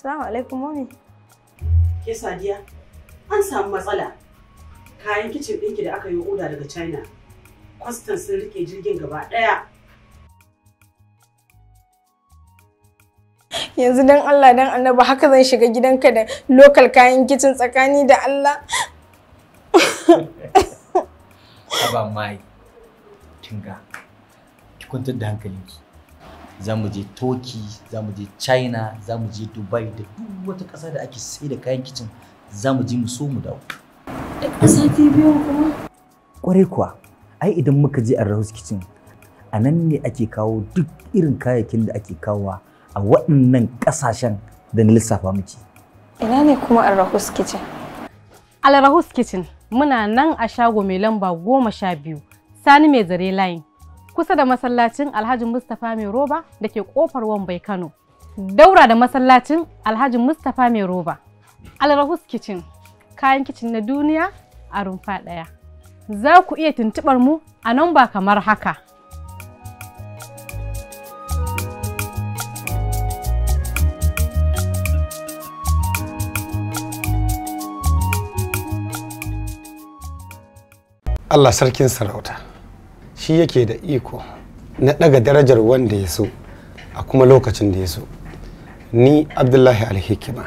Assalamu alaikum mami. Ke Sadiya, an samu matsala. Kayan kicin ɗinki da aka yi oda daga China. Kwastan sun rike jirgin gaba ɗaya. Yanzu dan Allah dan Annaba haka zan shiga gidanka da lokal kayan kicin tsakani da Allah. Aba mai, tinga, ki kwantar da hankalinki. za mu je turkey za mu je china za mu je dubai da duk wata ƙasa da ake sai da kayan kicin za mu je mu so mu dawo sati kuma kuwa ai idan muka je a kitchen a nan ne ake kawo duk irin kayayyakin da ake kawowa a waɗannan ƙasashen da na lissafa miki ina ne kuma a kitchen al rahus Kitchen muna nan a shago mai lamba goma sha biyu sani mai zare line kusa da masallacin Alhaji Mustapha Mai Roba da ke kofar Wambai Kano. Daura da masallacin Alhaji Mustapha Mai Roba. Alrahus Kitchen, kayan kicin na duniya a rumfa ɗaya. Za ku iya tuntuɓar mu a nan ba kamar haka. Allah sarkin sarauta. shi yake da iko na daga darajar wanda ya so a kuma lokacin da ya so ni abdullahi alhikima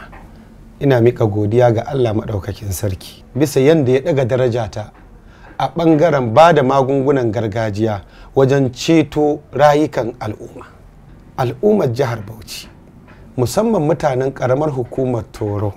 ina mika godiya ga allah maɗaukakin sarki bisa yadda ya daga darajata a ɓangaren ba da magungunan gargajiya wajen ceto rayukan al'umma al'ummar jihar bauchi musamman mutanen ƙaramar hukumar toro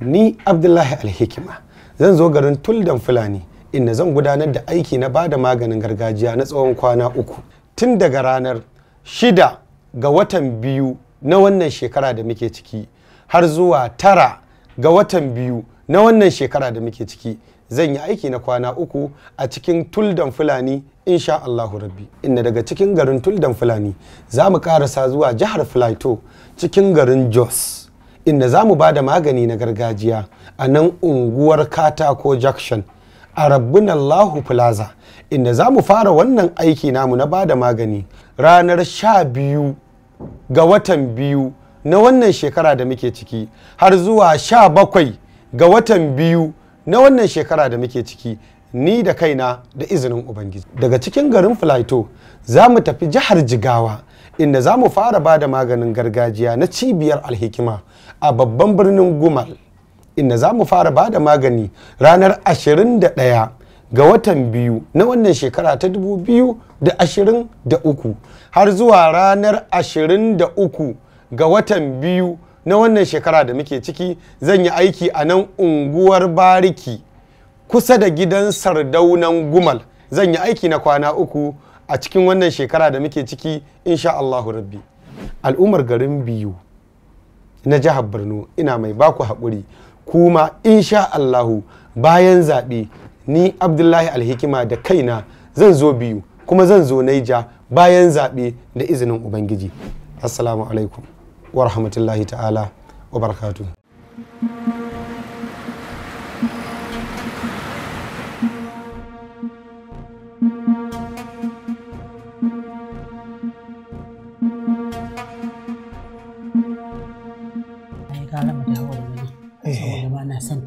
ni abdullahi alhikima zan zo garin tuldan fulani inda zan gudanar da aiki na bada maganin gargajiya na tsawon kwana uku tun daga ranar shida ga watan biyu na wannan shekara da muke ciki har zuwa tara ga watan biyu na wannan shekara da muke ciki zan yi aiki na kwana uku a cikin tuldan fulani insha Allahu rabbi inda daga cikin garin tuldan fulani za mu karasa zuwa jihar filato cikin garin jos inda za mu ba da magani na gargajiya a nan unguwar katako junction a rabbunan lahu Plaza inda za mu fara wannan aiki namu na bada magani ranar sha biyu ga watan biyu na wannan shekara da muke ciki har zuwa sha bakwai ga watan biyu na wannan shekara da muke ciki ni da kaina da izinin ubangiji daga cikin garin filaito za mu tafi jihar jigawa inda za mu fara bada maganin gargajiya na cibiyar alhikima a babban birnin gumal inda za mu fara bada magani ranar 21 ga watan biyu na wannan shekara ta 2023 har zuwa ranar 23 ga watan biyu na wannan shekara da muke ciki zan yi aiki a nan unguwar bariki kusa da gidan sardaunan gumal zan yi aiki na kwana uku a cikin wannan shekara da muke ciki insha Allahu rabbi al'ummar garin biyu na jihar borno ina mai baku haƙuri kuma insha Allahu bayan zaɓe ni Abdullahi Alhikima da kaina zan zo biyu kuma zan zo Naija bayan zaɓe da izinin Ubangiji. Assalamu alaikum wa rahmatullahi ta'ala wa barakatuhu.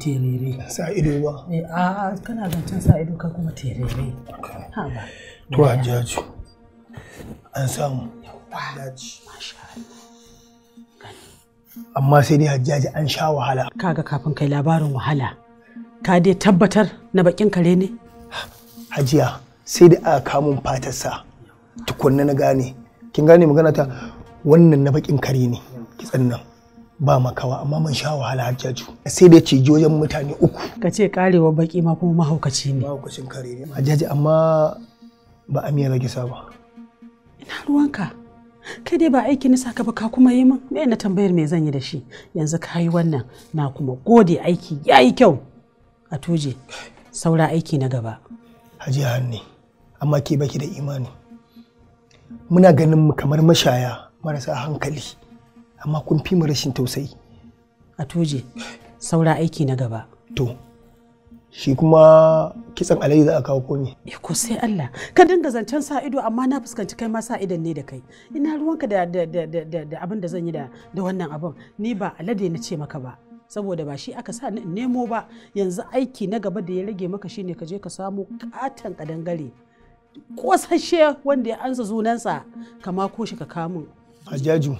terere sa ido ba eh a kana can sa ido ka kuma terere ha ba to a jaji an samu daji amma sai dai hajjaji an sha wahala kaga kafin kai labarin wahala ka dai tabbatar na bakin kare ne hajiya sai da aka kamun fatarsa tukunna na gane kin gane magana ta wannan na bakin kare ne kitsan nan ba makawa amma mun sha wahala jaju sai da ciji wajen mutane uku ka ce karewa baki ma kuma mahaukaci ne mahaukacin kare ne jaji amma ba a miyar gisa ba ina ruwanka kai dai ba aiki na saka ba ka kuma yi min me na tambayar me zan yi da shi yanzu ka yi wannan na kuma gode aiki yayi kyau a tuje saura aiki na gaba haji hanne amma ke baki da imani muna ganin kamar mashaya marasa hankali amma kun fi mu rashin tausayi a tuje saura aiki na gaba to shi kuma kitsan alayi za a kawo ko ne eh, ko sai Allah ka dinga zancen sa ido amma na fuskanci kai ma sa idon ne da kai ina ruwanka da da abin da zan yi da da wannan abin ni ba alade na ce maka ba saboda ba shi aka sa ni nemo ba yanzu aiki na gaba da ya rage maka shine ka je ka samu katon kadangare sashe wanda ya ansa zunansa ka mako shi ka kamun hajjaju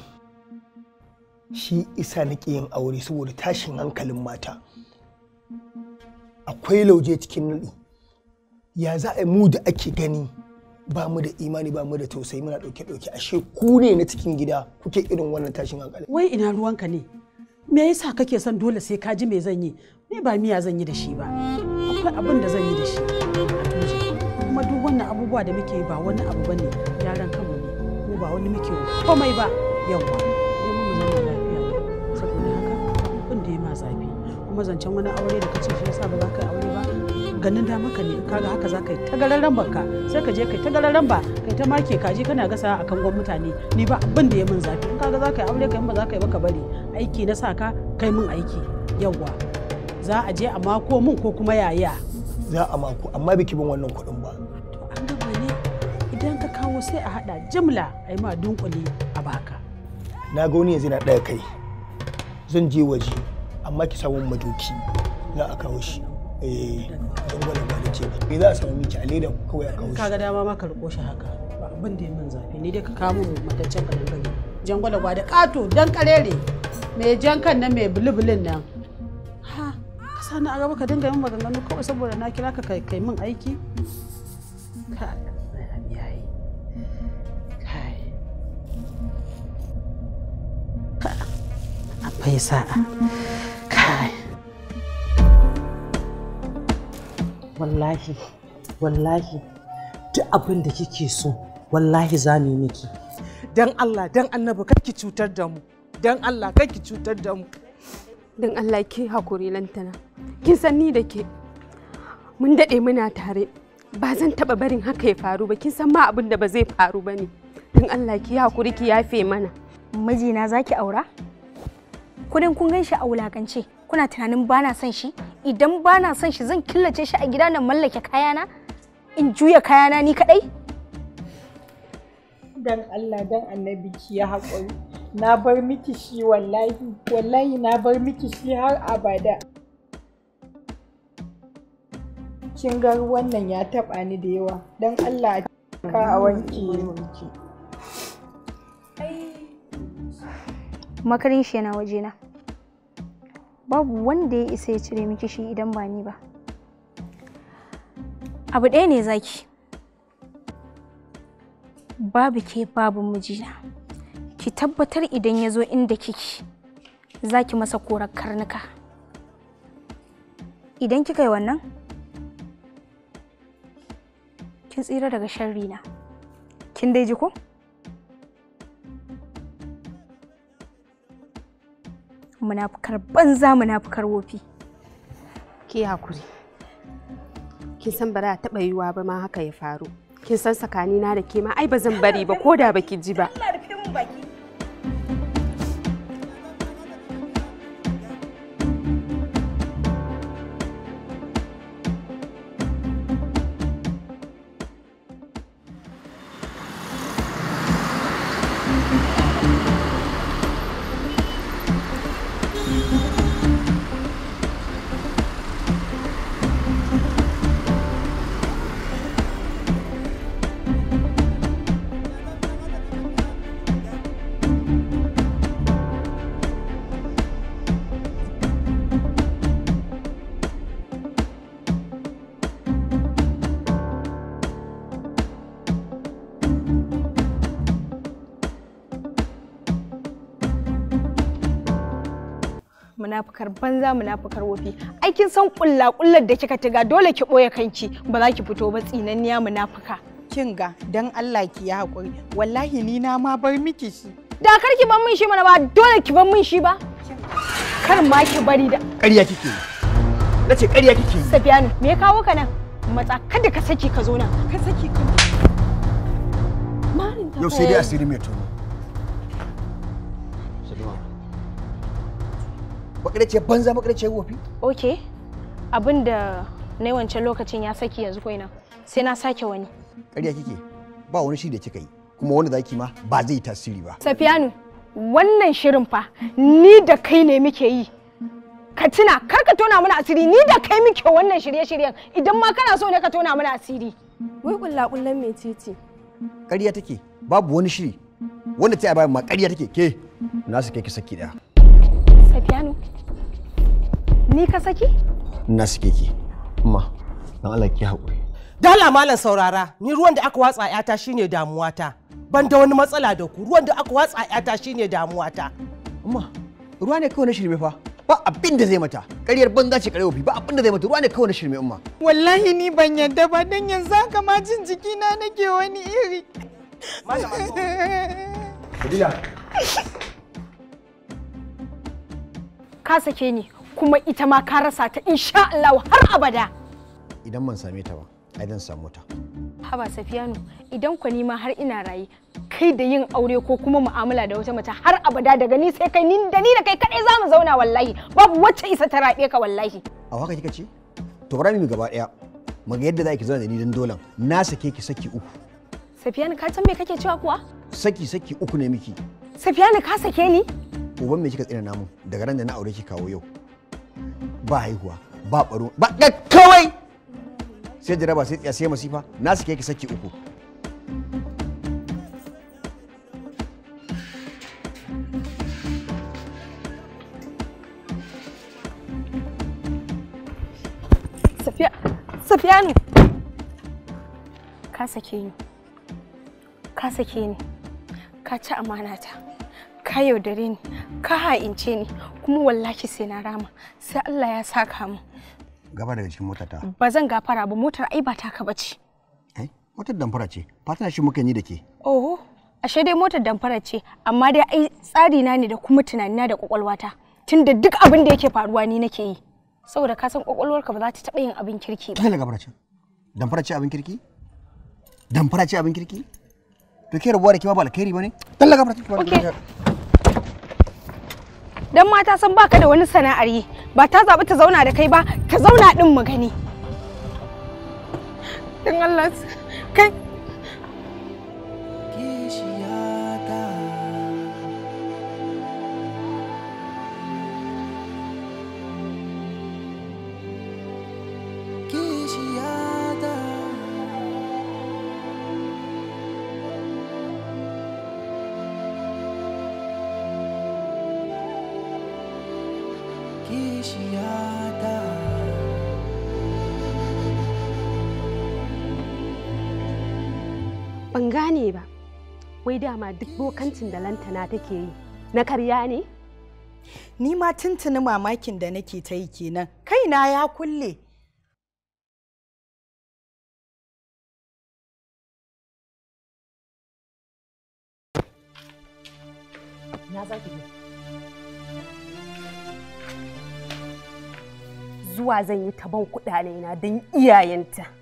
shi isa nake yin aure saboda tashin hankalin mata akwai lauje cikin nadi ya za a mu da ake gani ba mu da imani ba mu da tausayi muna dauke dauke ashe ku ne na cikin gida kuke irin wannan tashin hankali wai ina ruwanka ne me yasa kake son dole sai ka ji me zan yi ni ba miya zan yi da shi ba akwai abin da zan yi da shi kuma duk wannan abubuwa da muke ba wani abu bane yaran kanmu ne ko ba wani muke komai ba yawwa mu zama kuma zancen wani aure da kace shi yasa ba za ka yi aure ba ganin da maka ne kaga haka za ka yi tagararren baka sai ka je kai tagararren ba kai ta make kaji kana gasa a kangon mutane ni ba abin da ya min zafi in kaga za ka yi aure kai ba za ka yi ba ka bari aiki na saka kai min aiki yawwa za a je a mako min ko kuma yaya za a mako amma biki bin wannan kuɗin ba to an gaba ne idan ka kawo sai a hada jimla a yi ma dunkule a baka na ga wani yanzu na ɗaya kai zan je waje amma ki samu madoki za a kawo shi eh don gwada gwada ce me za a samu miki a leda kawai a kawo shi kaga dama ma ka riko shi haka ba abin da ya min zafi ni dai ka kawo mu mataccen dan gari jan gwada gwada kato dan karere mai jan kan nan mai bulubulin nan ha ka sani a gaba ka dinga yin maganganu kawai saboda na kira ka kai min aiki yang sa'a kai wallahi wallahi duk abin da kike so wallahi za mu yi miki dan Allah dan annabi ki cutar da mu dan Allah ki cutar da mu dan Allah ki hakuri lantana kin san ni da ke mun dade muna tare ba zan taba barin haka ya faru ba kin san ma abin da ba zai faru ba ne dan Allah ki hakuri ki yafe mana mijina zaki aura kudin kun gan shi a wulakance kuna tunanin ba na son shi idan ba na son shi zan killace shi a gida na mallake kayana in juya kayana ni kadai dan Allah dan annabi ki ya haƙuri na bar miki shi wallahi wallahi na bar miki shi har abada kin ga wannan ya taɓa ni da yawa dan Allah ka a wanke ai kuma karin shi yana wajena babu wanda ya isa ya cire miki shi idan ba ni ba abu ɗaya ne zaki babu ke babu mijina ki tabbatar idan ya zo inda kiki zaki masa korar karnuka idan kika yi wannan kin tsira daga sharri na kin dai ji ko munafukar banza munafukar wofi ki hakuri kin san ba za ta taba ba ma haka ya faru kin san sakani na da ke ma ai ba zan bari ba ko da baki ji ba Allah rufe baki munafukar banza munafukar wofi ai kin san kullar da kika tiga dole ki boye kanki ba za ki fito ba tsinanniya munafuka kin ga dan Allah ki ya hakuri wallahi ni na ma bar miki shi da kar ki ban min shi mana ba dole ki ban min shi ba kar ma ki bari da ƙarya kike nace ƙarya kike Safiyanu me ya kawo ka nan matsa kada ka saki ka zo nan ka saki ka yau sai dai asiri mai tono makarce banza makarce wofi okay abin da na wancan lokacin ya saki yanzu koina sai na sake wani ƙarya kike ba wani shiri da kika yi kuma wanda zaki ma ba zai tasiri ba safiyanu wannan shirin fa ni da kai ne muke yi ka tuna kar ka tona mana asiri ni da kai muke wannan shirye-shiryen idan ma kana so ne ka tona mana asiri wai kulla kullan mecece ƙarya take babu wani shiri wanda ta yi bayan ma ƙarya take ke nasu kai ki saki daya ka piano ni ka saki? Na saki ki, amma don Allah ki haƙuri. Dala malam saurara, ni ruwan da aka watsa ‘yata shine damuwata. Ban da wani matsala da ku, ruwan da aka watsa ‘yata shine damuwata. Amma, ruwa ne kawai na shirme fa, ba abin da zai mata. Ƙaryar banza ce ƙaryar ba abin da zai mata, ruwa ne kawai na shirme umma. Wallahi ni ban yadda ba dan yanzu haka ma jin jikina nake wani iri. Malama. Fadila, ka sake ni kuma ita ma ka rasa ta insha Allah har abada idan man same ta ba ai zan samu ta haba safiyanu idan ku ni ma har ina rayi kai da yin aure ko kuma mu'amala da wata mace har abada daga ni sai kai ni da ni da kai kadai zamu zauna wallahi babu wacce isa ta rabe ka wallahi a haka kika ce to bari mu gaba daya mu ga yadda zaki zauna da ni dan dolan na sake ki saki uku safiyanu ka tambaye kake cewa kuwa saki saki uku ne miki safiyanu ka sake ni uban me kika tsina namu daga ran da na aure ki kawo yau ba haihuwa ba baro ba da kawai sai jaraba sai tsaya sai masifa na suke ki saki uku Safiyanu ka sake ni ka sake ni ka ci amanata kayo yaudare ni ka ha'ince ni kuma wallahi sai na rama sai Allah ya saka mu gaba daga cikin motar ta ba zan gafara ba motar ai ba taka bace eh motar damfara ce fatina shi muka yi da ke oho ashe dai motar damfara ce amma dai ai tsari na ne da kuma tunanina da kwakwalwata tunda duk abin da yake faruwa ni nake yi saboda ka san kwakwalwarka ba za ta taɓa yin abin kirki ba. Kai gabara ce. Damfara ce abin kirki? Damfara ce abin kirki? To ke rabuwa da kima ba alkhairi ba ne? Talla gabara ce. Okay. dan mata san baka da wani sana'ar yi ba ta zaɓi ta zauna da kai ba ka zauna ɗin mu gani dan Allah kai wai dama duk bokancin da lantana take yi na karya ne ni ma tuntuni mamakin da nake ta yi kenan kaina ya kulle zuwa zan yi taban kuɗaɗe na don iyayenta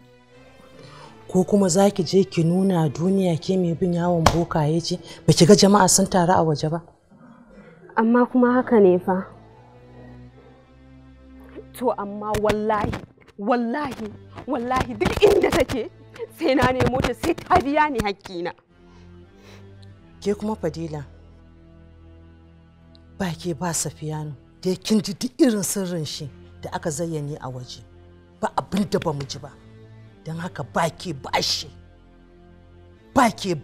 ko kuma zaki je ki nuna duniya ke mai bin yawon bokaye ce ba ki ga jama'a sun taru a waje ba amma kuma haka ne fa to amma wallahi wallahi wallahi duk inda take sai na nemo ta sai ta biya ni hakkina ke kuma fadila ba ke ba safiyanu da kin ji duk irin sirrin shi da aka zayyane a waje ba abin ba mu ji ba don haka ba ke ba shi ba ke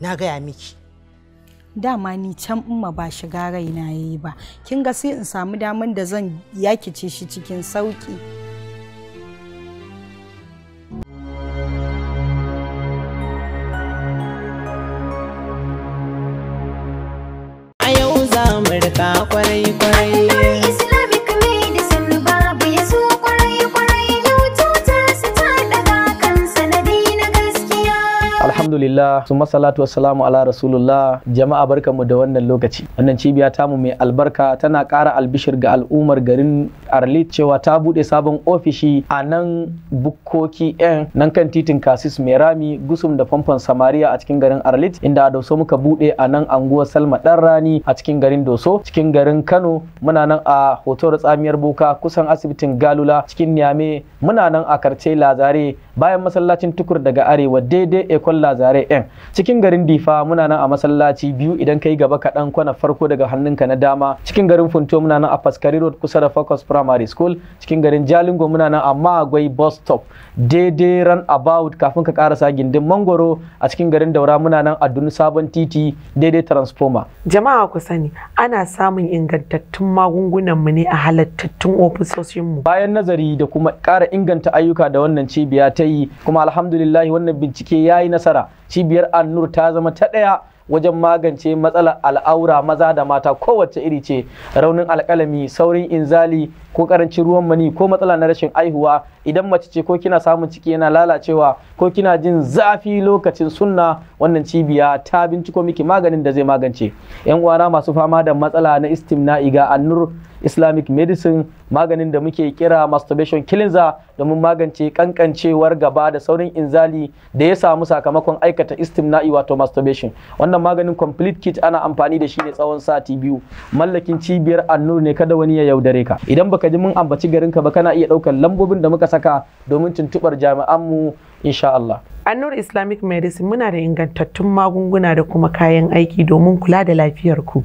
na gaya miki dama ni can umma ba shiga raina ya yi ba kin ga sai in samu daman da zan yakice shi cikin sauki a yau za mu rika kwarai alhamdulillah su masalatu wassalamu ala rasulullah jama'a barkanmu da wannan lokaci wannan cibiya tamu mai albarka tana kara albishir ga al'ummar garin arlit cewa ta bude sabon ofishi a nan bukkoki yan nan kan titin kasis merami gusum da famfon samaria a cikin garin arlit inda a doso muka bude a nan anguwar salma ɗan rani a cikin garin doso cikin garin kano muna nan a hotor tsamiyar boka kusan asibitin galula cikin niyame muna nan a karce lazare bayan masallacin tukur daga arewa daidai ekon lazare ɗin cikin garin difa muna nan a masallaci biyu idan kai gaba kaɗan kwana farko daga hannunka na dama cikin garin funto muna nan a faskari road kusa da focus primary school cikin garin jalingo muna nan a magwai bus stop daidai ran about kafin ka karasa gindin mangoro a cikin garin daura muna nan a dunu sabon titi daidai transformer jama'a ku sani ana samun ingantattun magungunan mu ne a halattattun ofisoshin mu bayan nazari da kuma ƙara inganta ayyuka da wannan cibiya ta yi kuma alhamdulillah wannan bincike ya yi nasara cibiyar annur ta zama ta ɗaya wajen magance matsalar al'aura maza da mata kowace iri ce raunin alƙalami saurin inzali ko karancin ruwan mani ko matsala na rashin aihuwa idan mace ce ko kina samun ciki yana lalacewa ko kina jin zafi lokacin sunna wannan cibiya ta binciko miki maganin da zai magance yan uwana masu fama da matsala na istimna'i ga annur islamic medicine maganin da muke kira masturbation cleanser domin magance kankancewar gaba da saurin inzali da ya samu sakamakon aikata istimna'i wato masturbation wannan maganin complete kit ana amfani da shi ne tsawon sati biyu mallakin cibiyar annur ne kada wani ya yaudare ka idan baka ka ji mun ambaci garin ka ba kana iya ɗaukar lambobin da muka saka domin tuntuɓar jami'anmu insha Allah. Annur Islamic Medicine muna da ingantattun magunguna da kuma kayan aiki domin kula da lafiyar ku.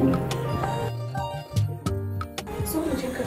nan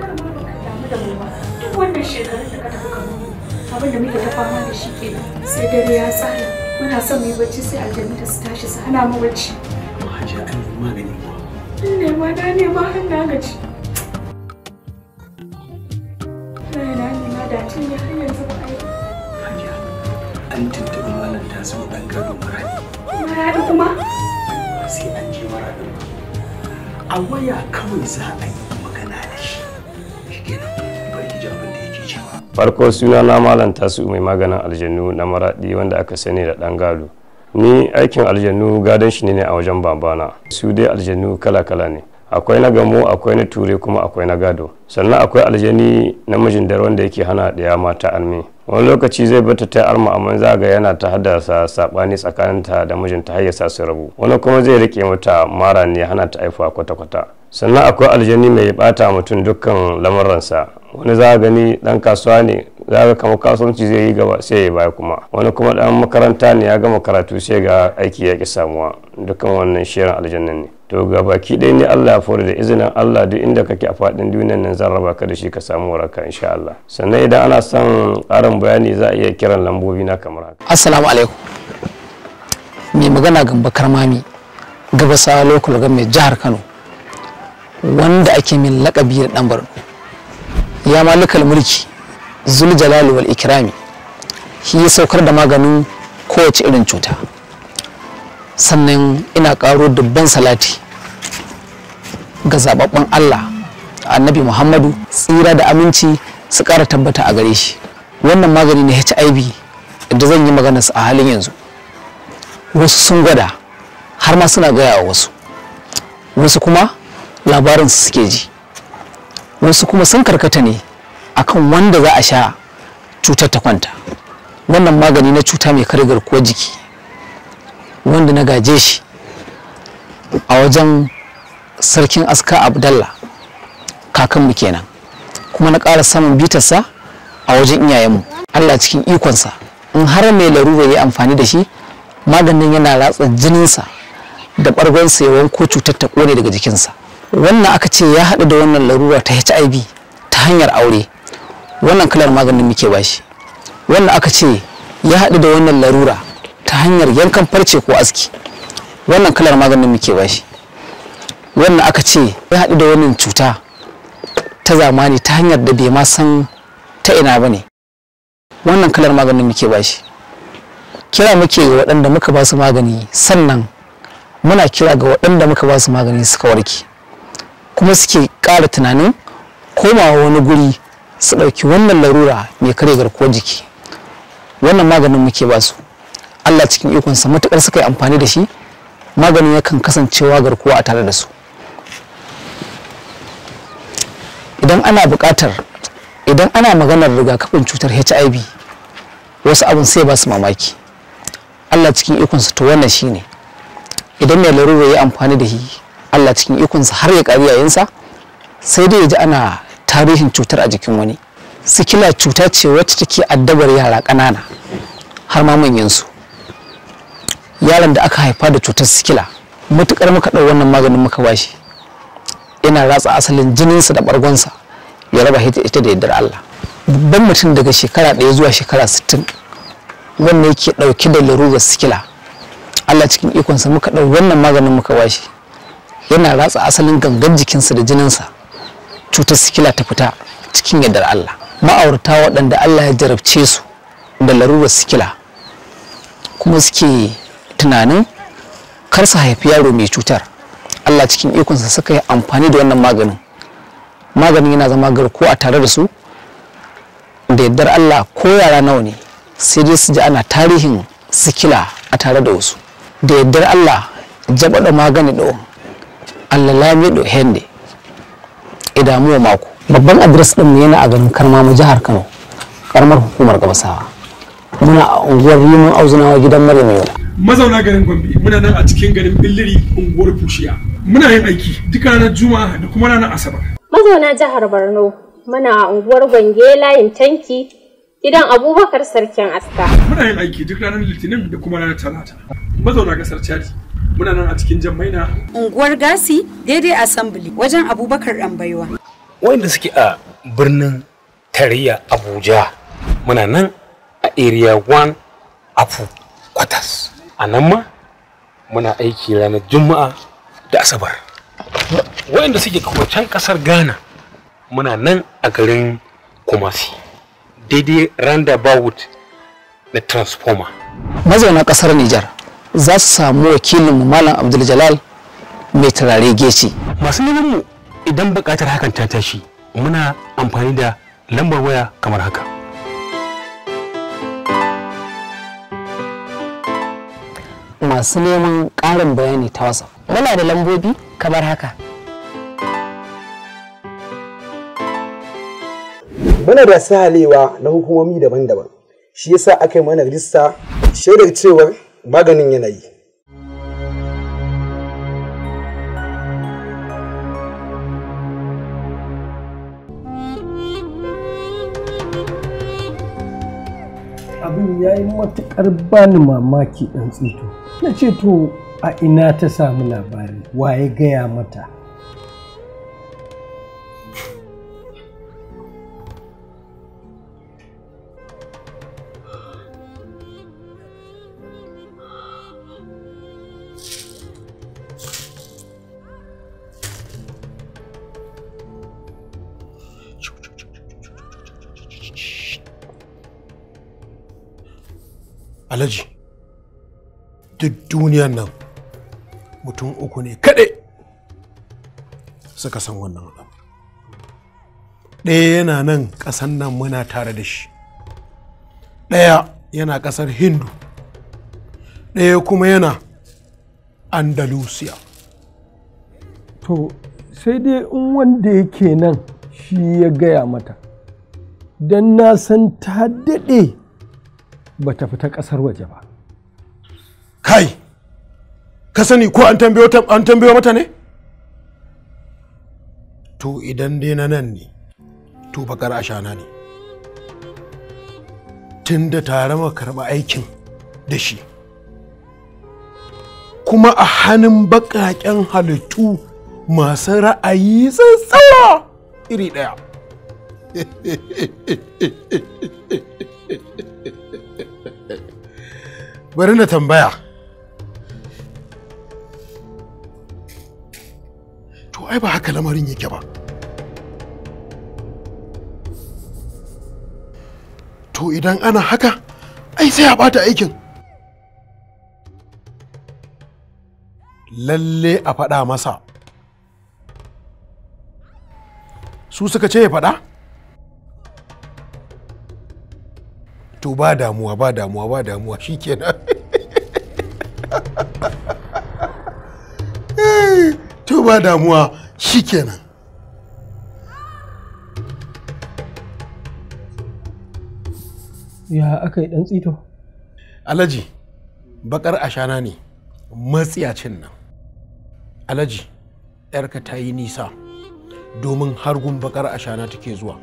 kar ma ba ka damu da mu duk wannan shekarun da ka tafi ka mutu abin da muke ta fama da shi kenan sai dare ya tsara. muna son mu yi bacci sai aljanu ta su tashi su hana mu bacci to hajiya an yi magani kuwa ne ma na ne ma har na gaji na ne ma da tun ya hanyar zuwa aiki hajiya an tuntuɓi malam ta zama ɗan gado maradi maradi kuma sai an je maradi a waya kawai za a yi farko suna na malam tasu mai maganin aljannu na maradi wanda aka sani da dan galu ni aikin aljannu gadon shi ne a wajen babana su dai aljannu kala kala ne akwai na gamo akwai na ture kuma akwai na gado sannan akwai aljani na dare wanda yake hana ɗaya mata almi wani lokaci zai bata ta arma amma za ga yana ta haddasa sabani ta da mijinta har ya sa su rabu wani kuma zai rike mata mara ne hana ta haifa kwata-kwata sannan akwai aljani mai bata mutum dukkan lamuransa wani za a gani dan kasuwa ne za ga kamar kasuwanci zai yi gaba sai ya baya kuma wani kuma dan makaranta ne ya gama karatu sai ga aiki ya ki samuwa dukkan wannan shirin aljanna ne to ga baki ɗaya ne Allah ya fara da izinin Allah duk inda kake a faɗin duniyar nan zan raba ka da shi ka samu waraka insha Allah sannan idan ana son ƙarin bayani za a iya kiran lambobi na kamar haka assalamu alaikum mai magana gamba sa gabasawa local mai jihar Kano wanda ake min lakabi da dan Borno ya malikal mulki zul jalali wal ikrami shi ya saukar da maganin kowace irin cuta sannan ina karo dubban salati ga zaɓaɓɓen Allah annabi Muhammadu tsira da aminci su ƙara tabbata a gare shi wannan magani na HIV da zan yi magana a halin yanzu wasu sun gwada har ma suna gaya wasu wasu kuma labarin suke ji wasu kuma sun karkata ne akan wanda za a sha cutar ta kwanta wannan magani na cuta mai kare garkuwar jiki wanda na gaje shi a wajen sarkin aska abdallah kakanmu kenan kuma na ƙara samun bitarsa a wajen iyayenmu allah cikin ikonsa in har mai larura ya amfani da shi maganin yana ratsa jininsa da ɓargonsa ya ko cutar ta ƙone daga jikinsa wannan aka ce ya haɗu da wannan larura ta hiv ta hanyar aure wannan kalar maganin muke bashi wannan aka ce ya haɗu da wannan larura ta hanyar yankan farce ko aski wannan kalar maganin muke bashi wannan aka ce ya haɗu da wannan cuta ta zamani ta hanyar da bai ma san ta ina ba ne wannan kalar maganin muke bashi kira muke waɗanda muka ba su magani sannan muna kira ga waɗanda muka ba su magani suka warke kuma suke ƙara tunanin komawa wani guri su ɗauki wannan larura mai kare garkuwar jiki wannan maganin muke ba su allah cikin ikonsa matuƙar suka yi amfani da shi maganin yakan kasancewa garkuwa a tare da su idan ana buƙatar idan ana maganar rigakafin cutar hiv wasu abin sai ba su mamaki allah cikin ikonsa to wannan shi ne, idan mai larura ya yi amfani da shi Allah cikin ikonsa har ya ƙari yayinsa sai dai ya ji ana tarihin cutar a jikin wani sikila cuta ce wacce take addabar yara ƙanana har ma manyansu yaron da aka haifa da cutar sikila mutukar muka ɗau wannan maganin muka bashi yana ratsa asalin jininsa da bargonsa. ya raba ita da yardar Allah babban mutum daga shekara ɗaya zuwa shekara sittin wanda yake ɗauke da larurar sikila Allah cikin ikonsa muka ɗau wannan maganin muka bashi yana ratsa asalin gangan jikinsa da jininsa cutar sikila ta fita cikin yardar Allah ma'aurata waɗanda Allah ya jarabce su da larurar sikila kuma suke tunanin kar su haifi yaro mai cutar Allah cikin ikonsa suka yi amfani da wannan maganin maganin yana zama garko a tare da su da yardar Allah ko yara nawa ne sai dai su ji ana tarihin sikila a tare da wasu da yardar Allah jaba da magani da allah lamido hende idamuwa e mako babban adres din mu yana a garin mu jihar kano karamar hukumar gabasawa muna a unguwar rimin auzunawa gidan maryam yola mazauna garin gombe muna nan a cikin garin billiri unguwar fushiya muna yin aiki duk ranar juma'a da kuma ranar asabar mazauna jihar borno muna a unguwar gwange layin tanki gidan abubakar sarkin aska muna yin aiki duk ranar litinin da kuma ranar talata mazauna kasar chadi muna nan a cikin jammaina unguwar gasi daidai assembly wajen abubakar dan baiwa wanda suke a birnin Tariya abuja muna nan a area 1 afu kwatas a nan ma muna aiki ranar juma'a da asabar wanda suke can kasar ghana muna nan a garin kumasi daidai roundabout na transformer mazauna kasar nijar za su samu wakilinmu malam abdul mai turare gece. masu neman mu idan buƙatar hakan ta tashi muna amfani da lambar waya kamar haka masu neman ƙarin bayani ta wasa muna da lambobi kamar haka muna da sahalewa na hukumomi daban-daban shi yasa aka yi mana rajista shaidar cewar maganin yanayi abin ya yi matuƙar bani mamaki ɗan tsito na ce to a ina ta samu labari waye gaya mata duk duniyan nan mutum uku ne kaɗai suka san wannan abu ɗaya yana nan ƙasan nan muna tare da shi ɗaya yana ƙasar hindu ɗaya kuma yana andalusiya to sai dai in wanda yake nan shi ya gaya mata don na san ta daɗe ba ta fita ƙasar waje ba kai ka sani ko an tambayo mata ne to idan dai na nan ne to bakar ashana ne tun da tare karɓa aikin da shi kuma a hannun baƙaƙen halittu masu ra'ayi tsawa iri ɗaya bari na tambaya to ai ba haka lamarin yake ba to idan ana haka ai sai a bata aikin lalle a faɗa masa su suka ce ya faɗa to ba damuwa ba damuwa ba damuwa shikenan ba damuwa shikenan ya aka yi dan tsito alaji bakar ashana ne matsiyacin nan alaji yarka ta yi nisa domin hargun bakar ashana take zuwa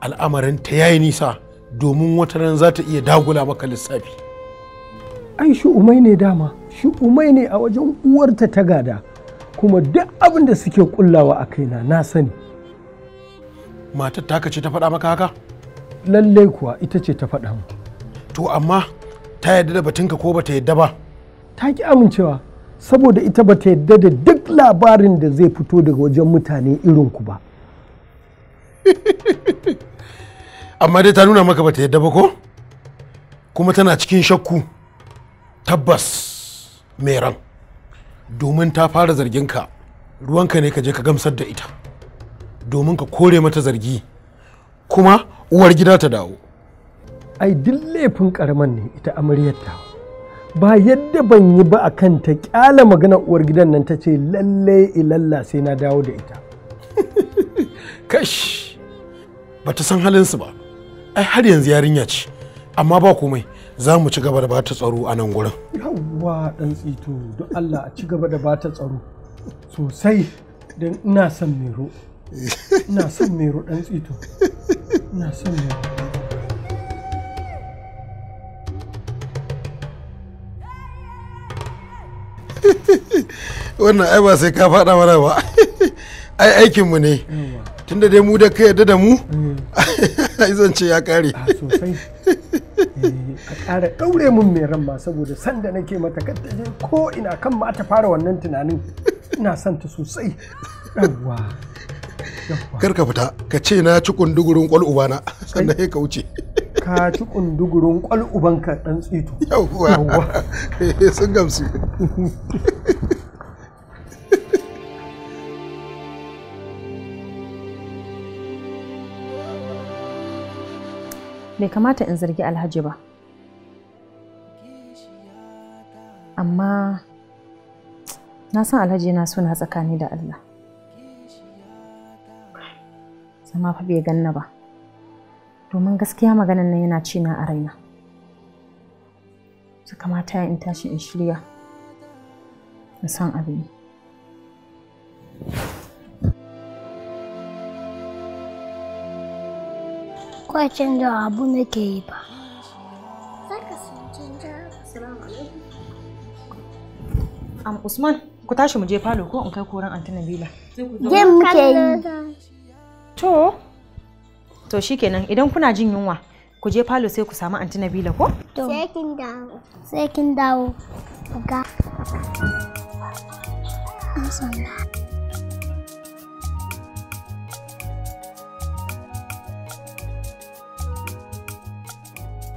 al'amarin ta yayi nisa domin wata ran za ta iya dagula maka lissafi ai shi umai ne dama shi umai ne a wajen uwarta ta gada kuma duk abin da suke kullawa a kaina na sani matar taka ce ta faɗa maka haka lallai kuwa ita ce ta faɗa mu to amma ta yarda da batunka ko bata yarda ba ta ki amincewa saboda ita bata yarda da duk labarin da zai fito daga wajen mutane irin ku ba amma dai ta nuna maka bata yadda ba ko kuma tana cikin shakku tabbas mai ran domin ta fara zargin ka ruwanka ne ka je ka gamsar da ita domin ka kore mata zargi kuma uwar gida ta dawo ai duk laifin karaman ne ita amaryar ta ba yadda ban yi ba a kan ta kyala magana uwar gidan nan ta ce lalle ilalla sai na dawo da ita kash ba ta san halinsu ba ai har yanzu yarinya ce amma ba komai za mu ci gaba da bata tsaro a nan gurin yawwa dan tsito don allah a ci gaba da bata tsaro sosai don ina son mero ina son mero dan tsito ina son mero wannan ai ba sai ka faɗa mana ba ai aikinmu ne tunda dai mu da ka yarda da mu eh. ai ce ya kare ah, sosai ƙara ɗaure min mai ramma saboda sanda nake mata kadda ko ina kan ma ta fara wannan tunanin ina son ta sosai yawwa kar ka fita ka ce na ci kundugurin kwal ubana sannan sai ka wuce ka ci kundugurin kwal ubanka ɗan tsito yawwa eh, sun gamsu bai kamata in zargi alhaji ba amma na san alhaji na suna tsakani da Allah zama fa bai ganna ba domin gaskiya maganan nan yana ci na a raina su kamata in tashi in shirya in san abin Kwacin da abu nake yi ba. Am Usman, ku tashi mu je falo ko in kai koran Anti Nabila. Game muke yi. To, to shikenan idan kuna jin yunwa ku je falo sai ku samu antinabila Nabila ko? Sai kin dawo. Sai kin dawo. Ga.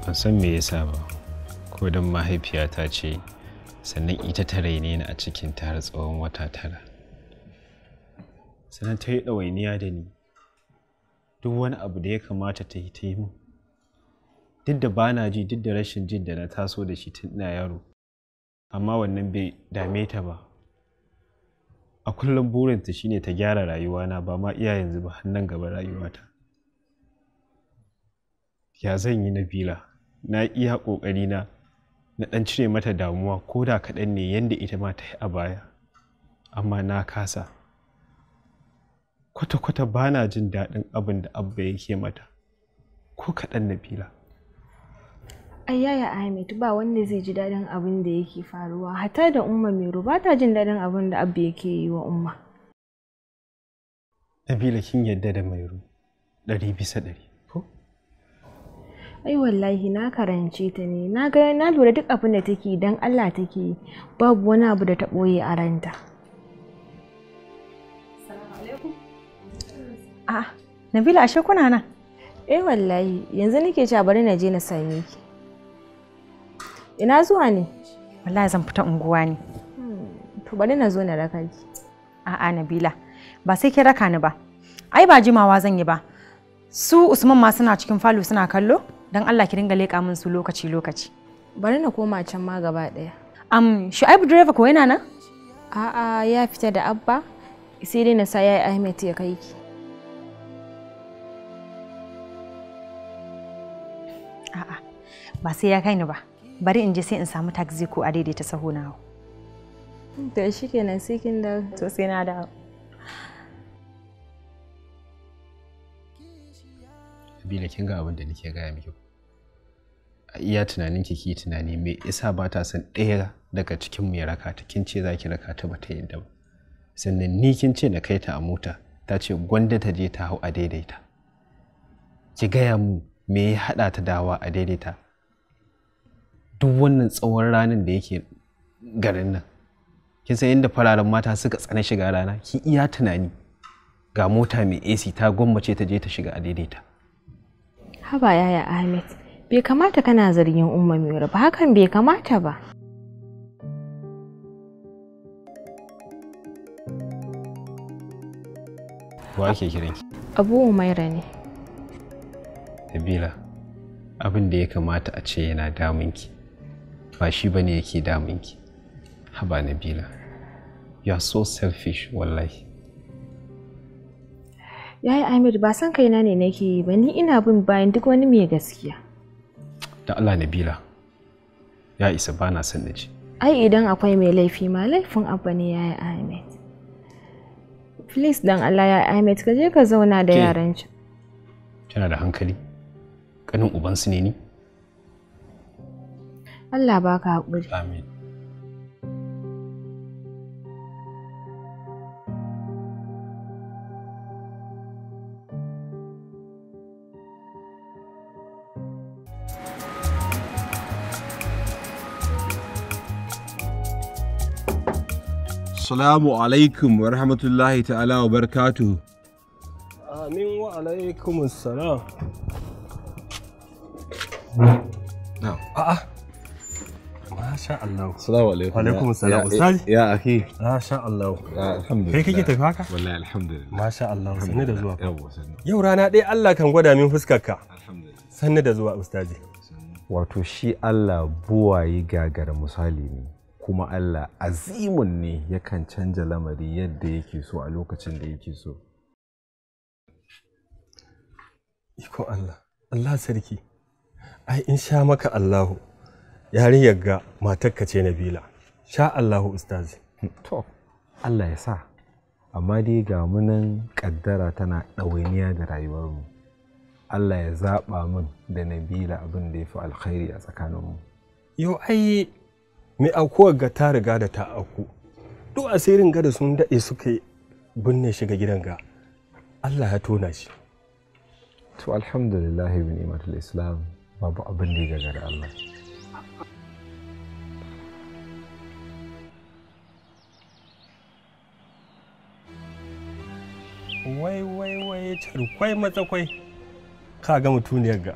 Ban san me yasa ba, ko don mahaifiyata ce sannan ita ta raine ni a cikin ta tsawon wata tara sannan ta yi ɗawainiya da ni duk wani abu da ya kamata ta yi ta yi min duk da ba na ji duk da rashin jin da na taso da shi tun ina yaro amma wannan bai dame ta ba a kullum burinta shine ta gyara rayuwana ba ma iya yanzu ba hannun gaba rayuwata ya zan yi na bila na iya na. na ɗan cire mata damuwa ko da kaɗan ne yadda ita ma ta yi a baya amma na kasa kwata-kwata ba na jin daɗin abin da abba yake mata ko kaɗan na fila yaya ahmed ba wanda zai ji daɗin abin da yake faruwa hata da umma mai ba ta jin daɗin abin da abba yake yi wa umma nabila kin yadda da mairu ɗari bisa ɗari ai wallahi na karance ta ne na ga na lura duk abin da take dan Allah take yi babu wani abu da ta boye a ranta a Nabila ashe kuna nan eh wallahi yanzu nake cewa bari na je na same ki ina zuwa ne wallahi zan fita unguwa ne hmm, to bari na zo na raka ki a'a Nabila ba sai ki raka ni ba ai ba jimawa zan yi ba su usman ma suna cikin falo suna kallo don Allah ki dinga leƙa min su lokaci lokaci bari na koma can ma gaba ɗaya am shu'aibu driver ko yana nan a'a ya fita da abba sai dai na sa yayi ahmed ya kai ki a'a ba sai ya kai ni ba bari in je sai in samu taxi ko a daidaita saho na Da shi shikenan sai kin da to sai na da Bila kin ga abin da nake gaya miki iya tunanin ki tunani me yasa ba ta son ɗaya daga cikin mu ya raka ta kin ce za ki raka ta ba ta yadda ba sannan ni kin ce na kai ta a mota ta ce gwanda ta je ta hau a daidaita ki gaya mu me ya haɗa ta dawa a daidaita duk wannan tsawon ranar da yake garin nan kin san inda fararen mata suka tsana shiga rana ki iya tunani ga mota mai AC ta gwammace ta je ta shiga a daidaita haba yaya Ahmed bai kamata kana zargin umma mai ba hakan bai kamata ba wa ake kiranki abu umaira ne nabila abin da ya kamata a ce yana damunki ba shi ba ne yake damunki haba nabila you are so selfish wallahi yayi amir ba san kaina ne nake yi ba ni ina bin bayan duk wani mai gaskiya da Allah Nabila ya isa ba na son ai idan akwai mai laifi ma laifin abba ne ya yi Ahmed please dan Allah ya Ahmed ka je ka zauna da yaran ki kina da hankali kanin uban ne ni Allah baka haƙuri amin assalamu alaikum wa rahmatullahi ta'ala wa barkatu amin wa alaikum assalam a'a masha Allah assalamu alaikum alaikum assalam ustaz ya akhi masha Allah alhamdulillah kai tafi haka wallahi alhamdulillah masha Allah sanni da zuwa yau rana ɗaya Allah kan gwada min fuskarka alhamdulillah sanni da zuwa wato shi Allah buwaye gagara misali ne kuma Allah azimun ne yakan canja lamari yadda yake so a lokacin da yake so. Iko Allah, Allah sarki, ai in sha maka Allahu, yarinyar ga matakka ce Nabila, sha Allahu Ustazi. To, Allah ya sa, amma dai ga munan ƙaddara tana ɗawainiya da rayuwarmu. Allah ya zaɓa min da Nabila abin da ya fi alkhairi a tsakaninmu. Yau ai mai aukuwar ga ta riga da ta auku duk asirin gada sun daɗe suka binne shi ga gidan ga Allah ya tona shi to alhamdulillah bin imatul islam babu abin da ya gagara Allah wai wai wai charkwai matsakwai ka ga mutuniyar ga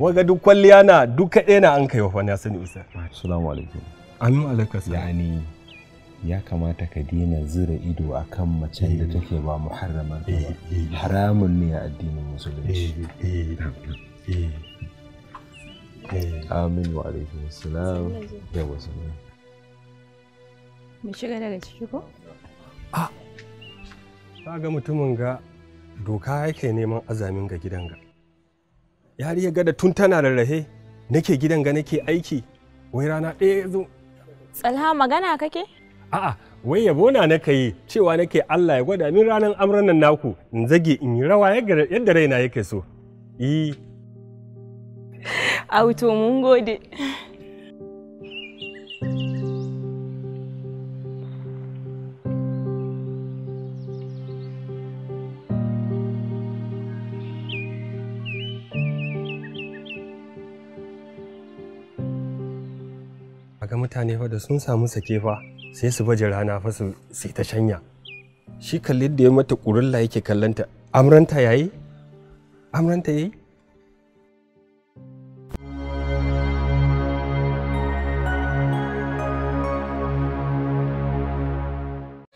waga duk kwalliya na duka kaɗai na an kai wa fa na sani usar assalamu alaikum amin alakasa yani ya kamata ka dina zira ido a kan macen da eh. take ba muharraman ba eh, eh. haramun ne a addinin musulunci alaikum ya wasu shiga daga ciki ko a ga mutumin ga doka yake neman azamin ga gidan ga yari ya gada tun tana rarrahe nake gidan ga nake aiki wai rana ɗaya zo Tsalha magana kake? A'a, wai yabo na na yi cewa nake Allah ya gwada min ranar amran nan naku in zage in yi rawa yadda raina yake so. Yi. Auto mun gode. mutane fa da sun samu sake fa sai su baje rana fa su sai ta shanya shi kalli da ya mata ƙurilla yake kallanta amranta yayi amranta yayi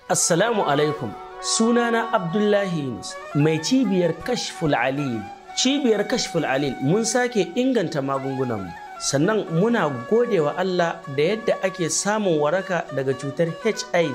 Assalamu alaikum sunana Abdullahi Yunus mai cibiyar Kashful Alil cibiyar Kashful Alil mun sake inganta magungunanmu sannan muna gode wa Allah da yadda ake samun waraka daga cutar HIV.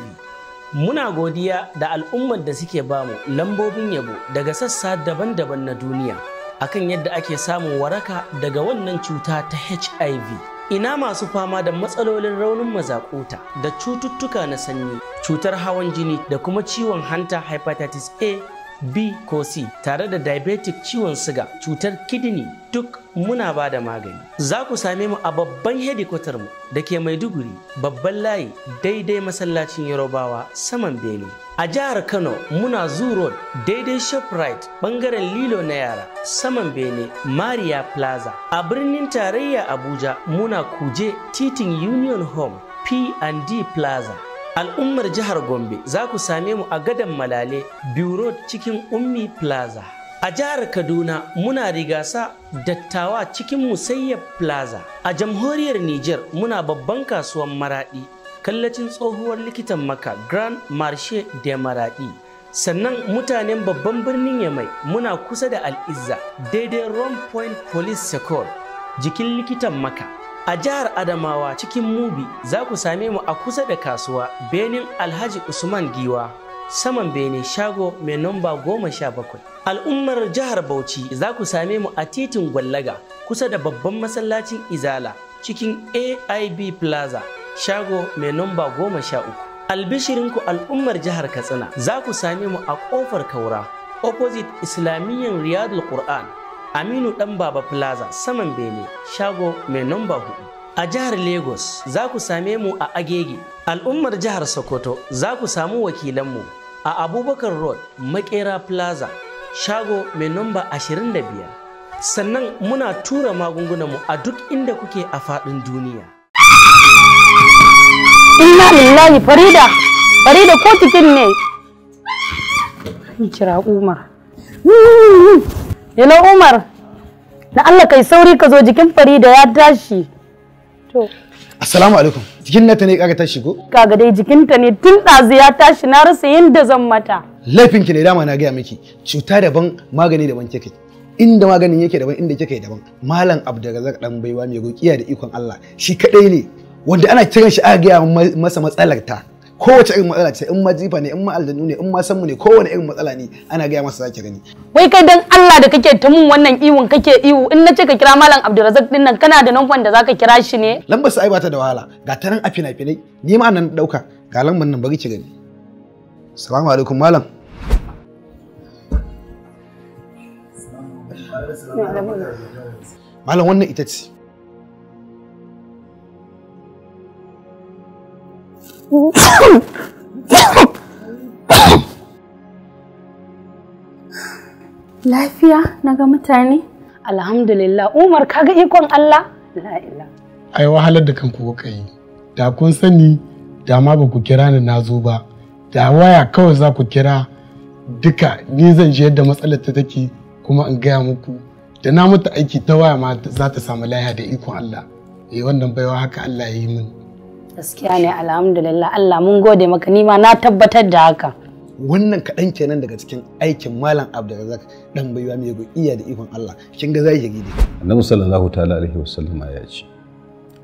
Muna godiya da al'ummar da suke bamu lambobin yabo daga sassa daban-daban na duniya akan yadda ake samun waraka daga wannan cuta ta HIV. Ina masu fama da matsalolin raunin mazakuta da cututtuka na sanyi, cutar hawan jini da kuma ciwon hanta hepatitis A, B ko C tare da diabetic ciwon suga cutar kidney duk muna ba da magani. Za ku same mu a babban hedikwatar mu da ke Maiduguri babban layi daidai masallacin Yarobawa saman Bene. A jihar Kano muna Zoo Road daidai Shoprite bangaren Lilo na yara saman Bene Maria Plaza. A birnin tarayya Abuja muna Kuje titin Union Home P&D Plaza. Al'ummar jihar Gombe za ku same mu a gadon Malale, Bureau cikin Ummi Plaza. A jihar Kaduna muna rigasa dattawa cikin Musayyar Plaza. A jamhuriyar Niger muna babban kasuwan maraɗi, kallacin tsohuwar likitan maka Grand Marche de Maradi. Sannan mutanen babban birnin Yamai muna kusa da Al'izza daidai Rome Point Police Secor jikin likitan maka. A jihar Adamawa cikin Mubi za ku same mu a kusa da kasuwa Benin Alhaji Usman Giwa saman Bene shago mai namba goma sha bakwai. Al'ummar jihar Bauchi za ku same mu a titin Gwallaga kusa da babban masallacin Izala cikin AIB Plaza shago mai namba goma sha uku. Albishirinku al'ummar jihar Katsina za ku same mu a ƙofar Kaura opposite Islamiyyar Riyadul Qur'an Aminu Dan Baba Plaza saman Bene shago mai namba hudu. A jihar Lagos za ku same mu a Agege. Al'ummar jihar Sokoto za ku samu wakilanmu a Abubakar Road Makera Plaza shago mai namba 25 sannan muna tura magungunanmu a duk inda kuke a faɗin duniya inna lillahi farida farida ko cikin ne kira umar hello umar da allah kai sauri ka zo jikin farida ya tashi to Assalamu alaikum. Jikin nata ne kaga ta shigo? Kaga dai jikinta ne tun ɗazu ya tashi na rasa yadda zan mata. laifinki ne dama na gaya miki cuta daban magani daban kike inda maganin yake daban inda kike daban malam abdurrazak dan baiwa mai gokiya da ikon Allah shi kadai ne wanda ana kiran shi aka gaya masa matsalar ta kowace irin matsala ce in ma jifa ne in ma aljanu ne in ma sanmu ne kowane irin matsala ne ana gaya masa zaki gani wai kai dan Allah da kake ta mun wannan iwon kake iwo in na ce ka kira malam abdurrazak din nan kana da nan da zaka kira shi ne lambar sai ba ta da wahala ga ta nan a fina-finai ni ma nan dauka ga lambar nan bari ki gani Salamu alaikum malam. Malam wannan ita ce. Lafiya na ga mutane? Alhamdulillah Umar kaga ikon Allah? La'ila. Ai wahalar da kanku kuka yi. Da kun sani da ma ba ku kira ni na zo ba. da waya kawai za ku kira duka ni zan je yadda matsalar ta take kuma in gaya muku da na mutu aiki ta waya ma za ta samu lahiya da ikon Allah eh wannan baiwa haka Allah ya yi min gaskiya ne alhamdulillah Allah mun gode maka ni ma na tabbatar da haka wannan kaɗan kenan daga cikin aikin malam abdulrazak dan baiwa mai go iya da ikon Allah kin ga zai gidi annabi sallallahu ta'ala alaihi wasallama ya ce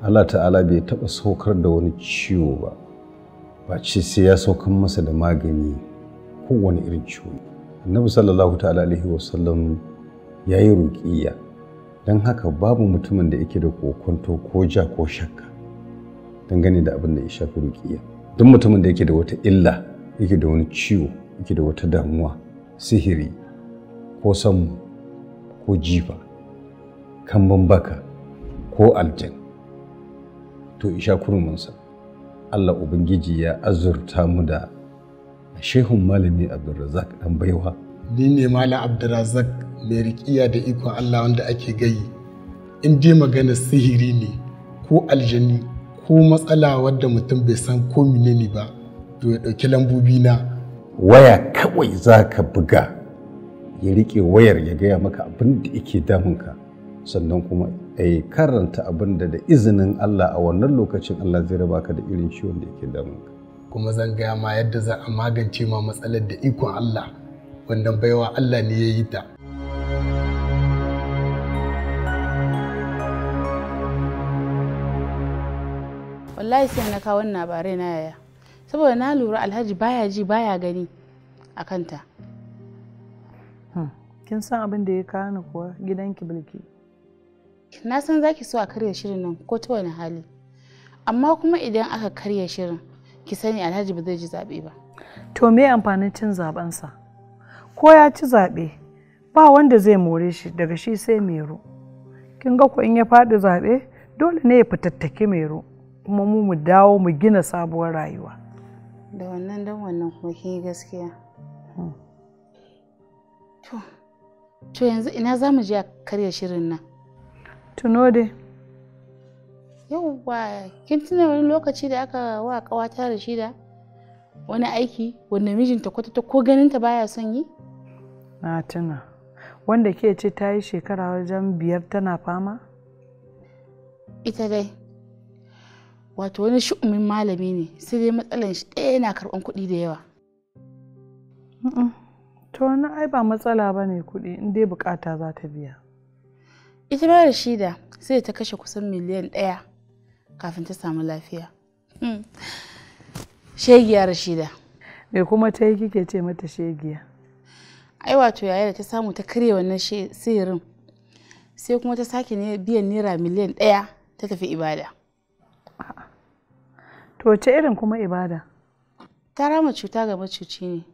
Allah ta'ala bai taba saukar da wani ciwo ba face sai ya saukan masa da magani kowane irin ciwo annabi sallallahu ta'ala alaihi sallam ya yi ruƙiyya don haka babu mutumin da yake da kokonto ko ja ko shakka dangane da abin da ya shafi ruƙiyya duk mutumin da yake da wata illa yake da wani ciwo yake da wata damuwa sihiri ko samu ko jifa kamban baka ko aljan to isha kurminsa Allah Ubangiji ya azurta mu da shehun malami Abdulrazak dan baiwa. Ni ne Malam Abdulrazak mai riƙiya da ikon Allah wanda ake gayi. In dai magana sihiri ne ko aljani ko matsala wadda mutum bai san ko ne ba to ya ɗauki lambobi na. Waya kawai za ka buga ya riƙe wayar ya gaya maka abin da yake damunka sannan kuma yi eh, karanta abin da da izinin Allah a wannan lokacin Allah zai raba ka da irin ciwon da yake damunka kuma zan gaya ma yadda za a magance ma matsalar da ikon Allah wannan baiwa Allah ne ya yi ta wallahi sai na kawo labarai na yaya saboda na lura alhaji baya ji baya gani a kanta hmm. kin san abin da ya kawo ni kuwa gidanki bilki na san za ki so a karya shirin nan ko ta wani hali amma kuma idan aka karya shirin ki sani alhaji ba zai ji zaɓe ba to me amfanin cin zaɓensa ko ya ci zaɓe ba wanda zai more shi daga shi sai mero kin ga ko in ya faɗi zaɓe dole ne ya fitattaki mero kuma mu mu dawo mu gina sabuwar rayuwa da wannan dan wannan kuma kin gaskiya hmm. to to yanzu ina za mu je a karya shirin nan tuno dai yauwa kin tuna wani lokaci da aka wa kawata da shida wani aiki wanda mijinta ta ko ganinta baya son yi na tuna wanda ke ce ta yi shekara wajen biyar tana fama ita dai wato wani shi'umin malami ne sai dai matsalan shi ɗaya yana karɓan kuɗi da yawa to wani ai ba matsala ba ne kuɗi in dai bukata za ta biya ita ma rashida sai ta kashe kusan miliyan ɗaya kafin ta samu lafiya hmm. shegiya rashida me kuma ta yi kike ce mata shegiya ai wato yaya da ta samu ta karya wannan sirrin sai kuma ta sake biyan naira miliyan ɗaya ta tafi ibada to ce irin kuma ibada ta rama cuta ga macuci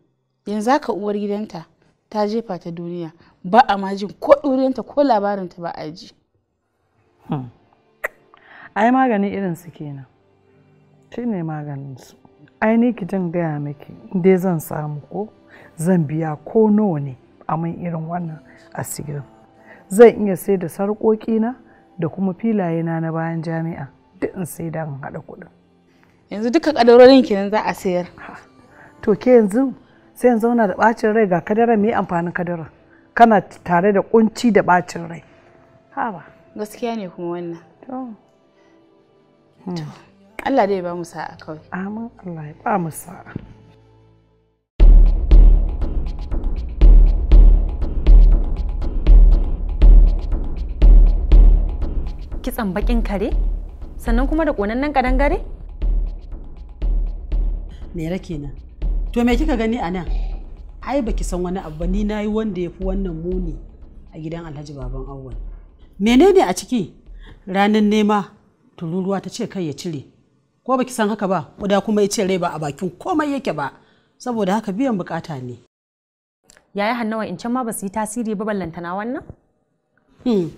ne yanzu haka uwar gidanta ta jefa ta duniya ba a majin ko ɗuriyanta ko labarinta ba a ji. Hmm. ai magani irin su kenan shi ne maganin su ai ni kijin gaya miki dai zan samu ko zan biya ko nawa ne a man irin wannan asirin zan iya sai da na da kuma filayena na bayan jami'a duk in sai da haɗa kuɗin yanzu duka ƙadarorin kenan za a sayar to ke yanzu sai in zauna da bacin rai ga kadara mai amfanin kadara kana tare da kunci da bacin rai haba gaskiya ne kuma wannan to hmm. Allah dai ba mu sa'a kawai amin Allah ya ba mu sa'a kitsan bakin kare sannan kuma da konannen kadangare? Mera kenan. to me kika gani a nan ai baki san wani abu ba ni yi wanda ya fi wannan muni a gidan alhaji baban awwal menene a ciki ranar nema tururuwa ta ce kai ya cire ko baki san haka ba da kuma ya ce rai ba a bakin komai yake ba saboda haka biyan bukata ne yaya hannawa in can ma ba su yi tasiri ba ballantana wannan hmm.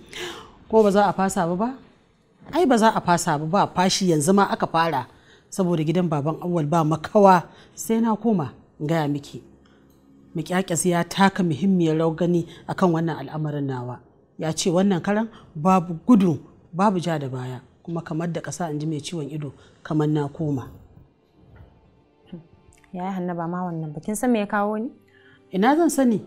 ko ba za a fasa ba ba ai ba za a fasa ba ba fashi yanzu ma aka fara saboda gidan baban awwal ba makawa sai na koma gaya miki mikyakis ya taka muhimmiyar rawar gani akan wannan al'amarin nawa ya ce wannan karan babu gudu babu ja da baya kuma kamar da kasa in ji mai ciwon ido kamar na koma ya yi hannaba ma wannan ba san me ya kawo ni ina zan sani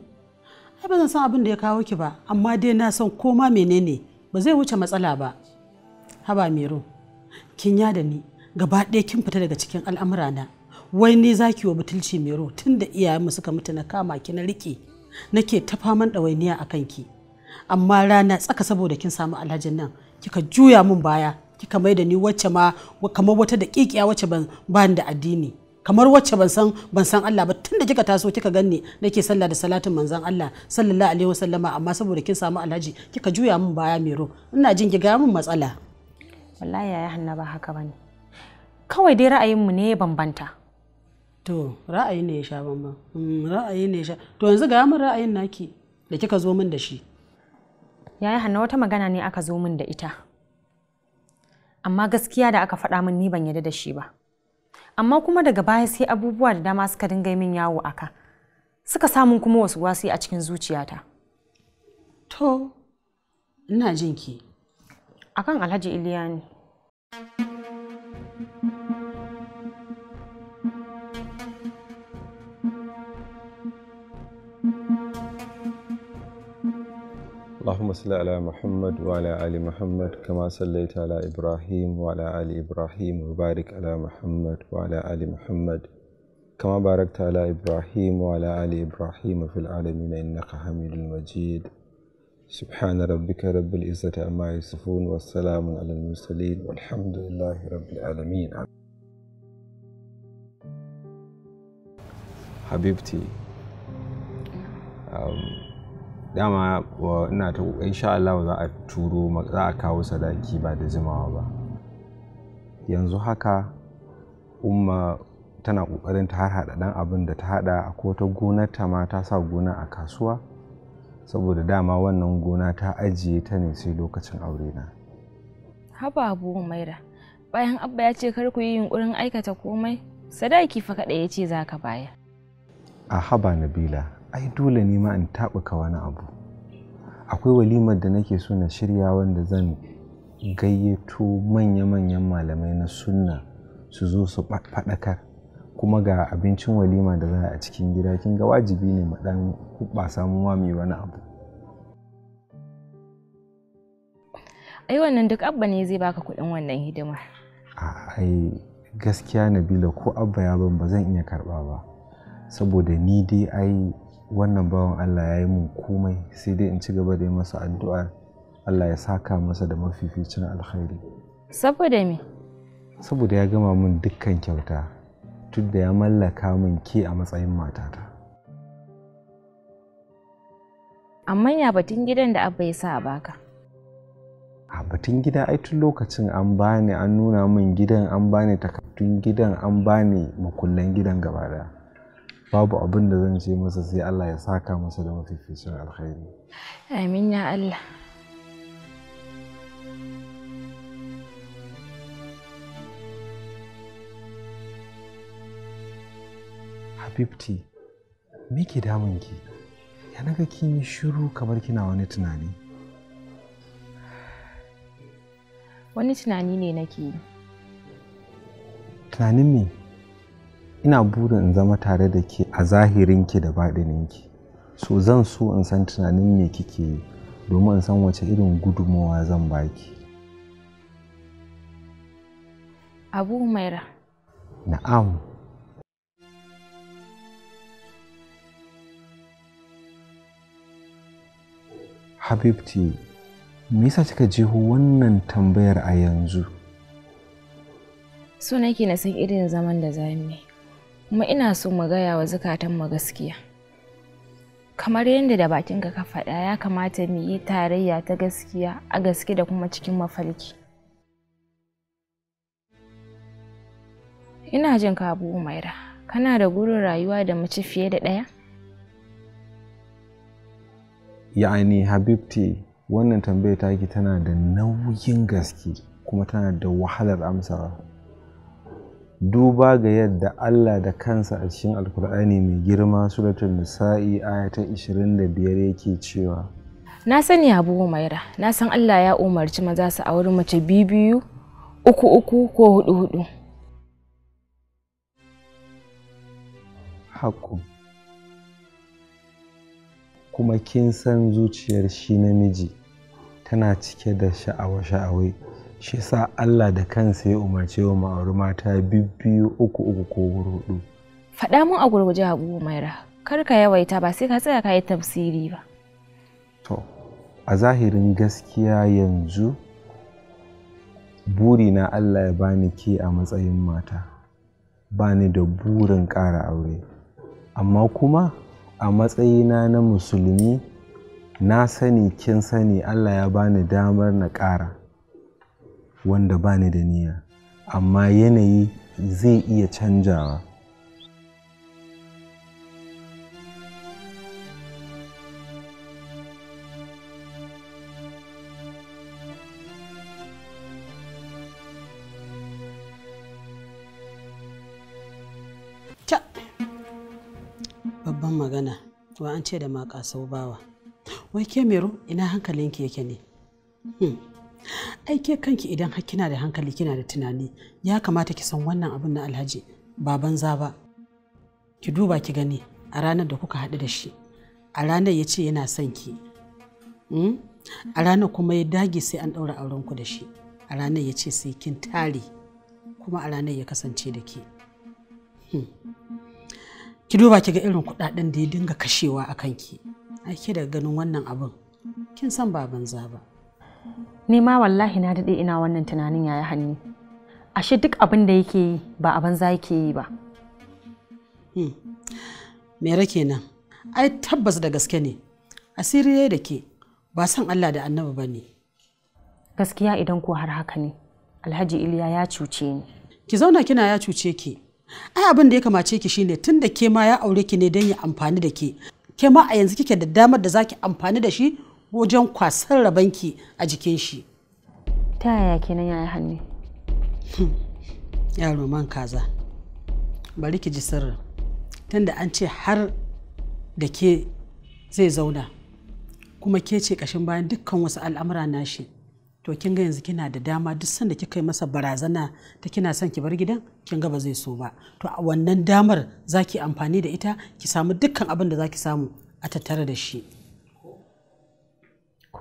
ai ba zan san abin da ya kawo ki ba amma dai na san koma menene ba zai wuce matsala ba haba miro kin ya da ni gaba ɗaya kin fita daga cikin al'amura na wai ni yi wa mai ruwa tun da iyayenmu suka mutu na kama ki na riƙe nake ta faman ɗawainiya a kan ki amma rana tsaka saboda kin samu alhajin nan kika juya min baya kika mai da ni wacce ma kamar wata da ƙiƙiya wacce ban ban da addini kamar wacce ban san ban san Allah ba tunda kika taso kika ganni nake sallah da salatin manzon Allah sallallahu alaihi wasallama amma saboda kin samu alhaji kika juya min baya mai mero ina jin ki ga min matsala wallahi yaya hannaba ba haka bane kawai dai ra'ayinmu ne ya bambanta to ra'ayi ne ya sha bamban mm, ra'ayi ne ya sha to yanzu ga min ra'ayin naki da kika zo min da shi yaya hanna wata magana ne aka zo min da ita amma gaskiya da aka faɗa min ni ban yarda da shi ba amma kuma daga baya sai abubuwa da dama suka dinga min yawo aka suka samun kuma wasu wasi a cikin zuciyata to ina jinki akan alhaji iliya اللهم صل على محمد وعلى آل محمد كما صليت على إبراهيم وعلى آل إبراهيم وبارك على محمد وعلى آل محمد كما باركت على إبراهيم وعلى آل إبراهيم في العالمين إنك حميد مجيد سبحان ربك رب العزة عما يصفون والسلام على المرسلين والحمد لله رب العالمين حبيبتي um, dama ina ta insha Allah za a turo za a kawo sadaki ba da jimawa ba yanzu haka umma tana kokarin ta harhaɗa ɗan abin da ta haɗa a kota gonar ta ma ta sa gona a kasuwa saboda dama wannan gona ta ajiye ta ne sai lokacin aure na haba abu maira bayan abba ya ce kar ku yi yunkurin aikata komai sadaki fa kaɗai ya ce za ka baya a haba nabila ai dole ne ma in taɓuka wani abu akwai walimar da nake so na shirya wanda zan gayyato manya-manyan malamai na sunna su zo su faɗakar kuma ga abincin walima da za a cikin gida kin ga wajibi ne mu dan ba samu mai wani abu ai wannan duk abba ne zai baka kuɗin wannan hidima ai gaskiya nabila ko abba ya ban ba zan iya karɓa ba saboda ni dai ai wannan bawan Allah ya yi mun komai sai dai in ci gaba da yi masa addu'a Allah ya saka masa da mafificin alkhairi. Saboda me? Saboda ya gama mun dukkan kyauta tun da ya mallaka min ke a matsayin matata. Amma ya batun gidan da abba ya sa a baka. A batun gida ai tun lokacin an bani an nuna min gidan an bani takardun gidan an bani makullan gidan gaba daya. babu abin da zan ce masa sai Allah ya saka masa da mafificin alkhairi amin ya Allah Habibti me ke damun ki ya naga kin yi shiru kamar kina wani tunani wani tunani ne nake tunanin me ina burin in zama tare da ke a zahirin ki da baɗininki so zan so in san tunanin me kike yi domin in san wace irin gudunmawa zan baki abu maira na'am habibti me yasa kika jeho wannan tambayar a yanzu so nake na san irin zaman da zamu kuma ina so mu gaya wa zukatanmu gaskiya kamar yadda da bakinka ka faɗa ya kamata mu yi tarayya ta gaskiya a gaske da kuma cikin mafarki ina jin ka abu umaira kana da gurin rayuwa da mace fiye da ɗaya ya'ani habibti wannan tambayar taki tana da nauyin gaske kuma tana da wahalar amsawa duba ga yadda Allah da kansa a cikin Alkur'ani mai girma suratul Nisa'i ayata 25 yake cewa Na sani Abu Umaira, na san Allah ya umarci maza su auri mace biyu uku uku ko hudu hudu. haku kuma kin san zuciyar shi namiji tana cike da sha'awa-sha'awai. shi sa Allah da kansa ya umarce wa ma'auri mata biyu uku uku ko hudu faɗa mun a gurguje abu maira kar ka yawaita ba sai ka tsaya ka yi tafsiri ba to a zahirin gaskiya yanzu buri na Allah ya bani ke a matsayin mata bani da burin ƙara aure amma kuma a matsayina na musulmi na sani kin sani Allah ya bani damar na ƙara wanda ba ni da niyya amma yanayi zai iya canjawa babban magana wa an ce da makasau bawa wai kemero ina hankalinki yake ne hmm. aike kanki idan har kina da hankali kina da tunani ya kamata ki san wannan abin na alhaji ba banza ba ki duba ki gani a ranar da kuka haɗu da shi a ranar ya ce yana son ki hmm? a ranar kuma ya dage sai an ɗaura auren ku da shi a ranar ya ce sai kin tare kuma a ranar ya kasance da ke hmm. ki duba ki ga irin kuɗaɗen da ya dinga kashewa a kanki ake da ganin wannan abin kin san ba banza ba ni ma wallahi na daɗe ina wannan tunanin yayi hannu ashe duk abin da yake yi ba a banza yake yi ba hmm. rake nan ai tabbas da gaske ne asiri yayi da ke ba san Allah da annabi ba ne gaskiya idan ko har haka ne alhaji iliya ya cuce ni ki zauna kina ya cuce ki ai abin da ya kamace ki shine tun da ke ma ya aure ki ne don ya amfani da ke ke ma a yanzu kike da damar da zaki amfani da shi wajen kwasar rabanki a jikin shi ta yaya kenan yayi hannu hmm. yaro man kaza bari ki ji sirri tunda an ce har da ke zai zauna kuma ke ce kashin bayan dukkan wasu al'amura na shi to kin ga yanzu kina da dama duk sanda kika yi masa barazana ta kina son ki bar gidan kin ga ba zai so ba to a wannan damar zaki amfani da ita ki samu dukkan abin da zaki samu a tattare da shi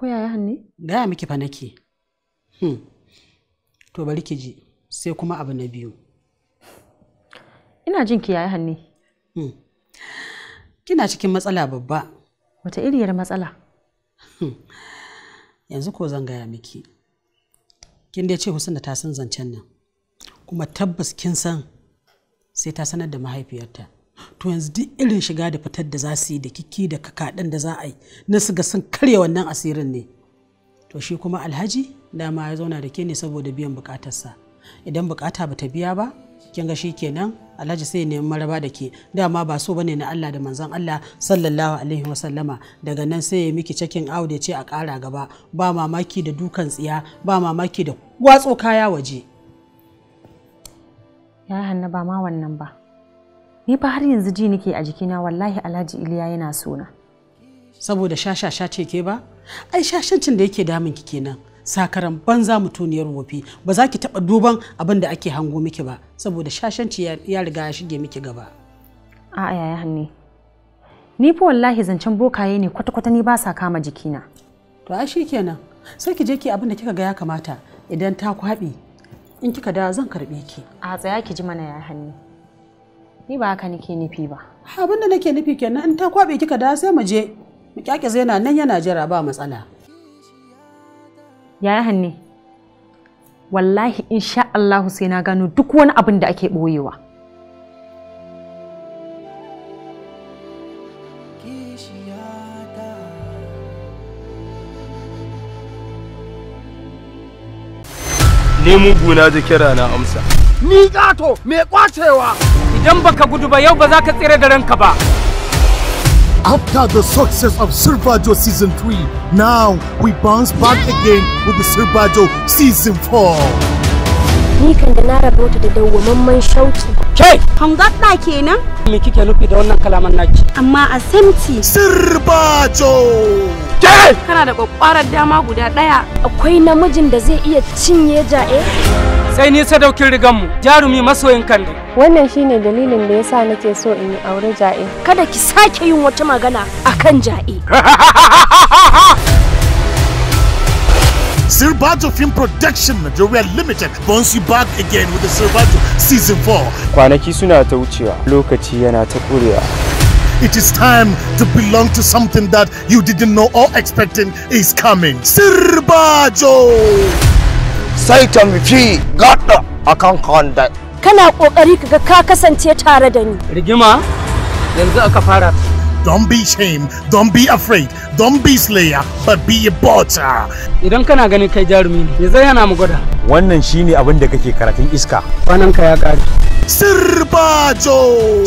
ko yaya ne gaya miki fa nake hmm. to bari ki ji sai kuma abu na biyu ina jin ki yaya hannu. hmm. kina cikin matsala babba wata iriyar matsala hmm. yanzu ko zan gaya miki kin dai ce Husna ta san zancen nan kuma tabbas kin san sai ta sanar da mahaifiyarta to yanzu duk irin shiga da fitar da za su yi da kiki da kakaɗin da za a yi na su ga sun karya wannan asirin ne to shi kuma alhaji dama ya zauna da ke ne saboda biyan bukatarsa idan bukata bata biya ba kin ga kenan alhaji sai neman maraba da ke dama ba so bane na Allah da manzon Allah sallallahu alaihi wa sallama daga nan sai ya miki cikin da ce a kara gaba ba mamaki da dukan tsiya ba mamaki da watso kaya waje ya hanna ba ma wannan ba ni fa har yanzu ji nake a jikina wallahi alhaji iliya yana sona saboda sha ce ke ba ai shashancin da yake damun ki kenan sakaran banza mutuniyar wofi ba za ki taɓa duban abin da ake hango miki ba saboda shashanci ya riga ya shige miki gaba a'a yaya hanne ni fa wallahi zancen bokaye ne kwata-kwata ni ba sa kama jikina to ai kenan sai ki je ki abin da kika ga ya kamata idan ta kwaɓi in kika da zan karɓi ki a tsaya ki ji mana ya hannu Ni ba haka nake nufi ba. Abin da nake nufi kenan in ta kwabe kika da sai mu je. Mu kyake zaina nan yana jira ba matsala. Yaya hanne. Wallahi insha Allah sai na gano duk wani abin da ake ɓoyewa. ni muguna da kira na amsa ni gato me kwacewa idan baka gudu ba yau ba za ka tsira da ranka ba After the success of Survajo Season 3, now we bounce back again with the Survajo Season 4. ni kan da na rabota da dawwamamman shauki kai gaɗa kenan me kike nufi da wannan kalaman naki amma a samti sirbato Ke! kana da kwakwarar dama guda ɗaya. akwai namijin da zai iya cinye ja'e sai ni sadaukin mu. jarumi masoyin kande wannan shine dalilin da yasa nake so in yi aure ja'e kada ki sake yin wata magana akan ja'e Sirbato Film Production Nigeria Limited once you back again with the Sirbato Season 4. Kwanaki suna ta wucewa, lokaci yana ta kurewa. It is time to belong to something that you didn't know or expecting is coming. Sirbajo! Saitan fi A kan conduct. Kana ƙoƙari kaga ka kasance tare da ni. Rigima yanzu aka fara. Don't be ashamed, don't be afraid. don be slayer but be idan kana ganin kai jarumi ne zai yana mu gwada wannan shine abin da kake karatun iska kwanan ka ya kare Sirbajo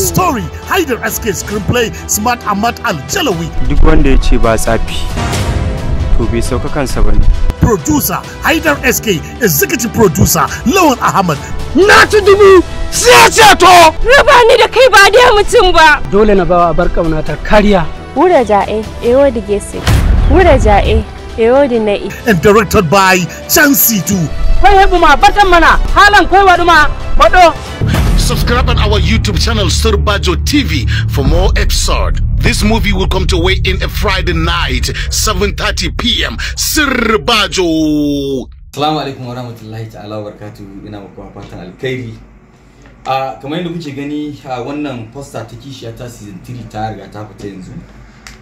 Story Haidar SK Screenplay Smart amat Al-Jalawi Duk wanda ya ce ba tsafi to bai sauka kansa ba ne. Producer Haidar SK Executive Producer Lawan Ahmad Na ci dubu sai ceto! Raba ni da kai ba dai mutum ba! Dole na bawa bar ƙaunata kariya Wura Ja'e Ewodigesi. Wura Ja'e And directed by Chansi Tu. Kwai hebu ma batan mana halan kwai wadu ma bado. Subscribe on our YouTube channel Surbajo TV for more episode. This movie will come to way in a Friday night, 7.30 p.m. Surbajo. Assalamu alaikum warahmatullahi ta'ala wa barakatuhu ina muku fatan alkhairi. a ah, kamar yadda kuke gani a ah, wannan posta ta kishiya ta season 3 ta riga ta fita yanzu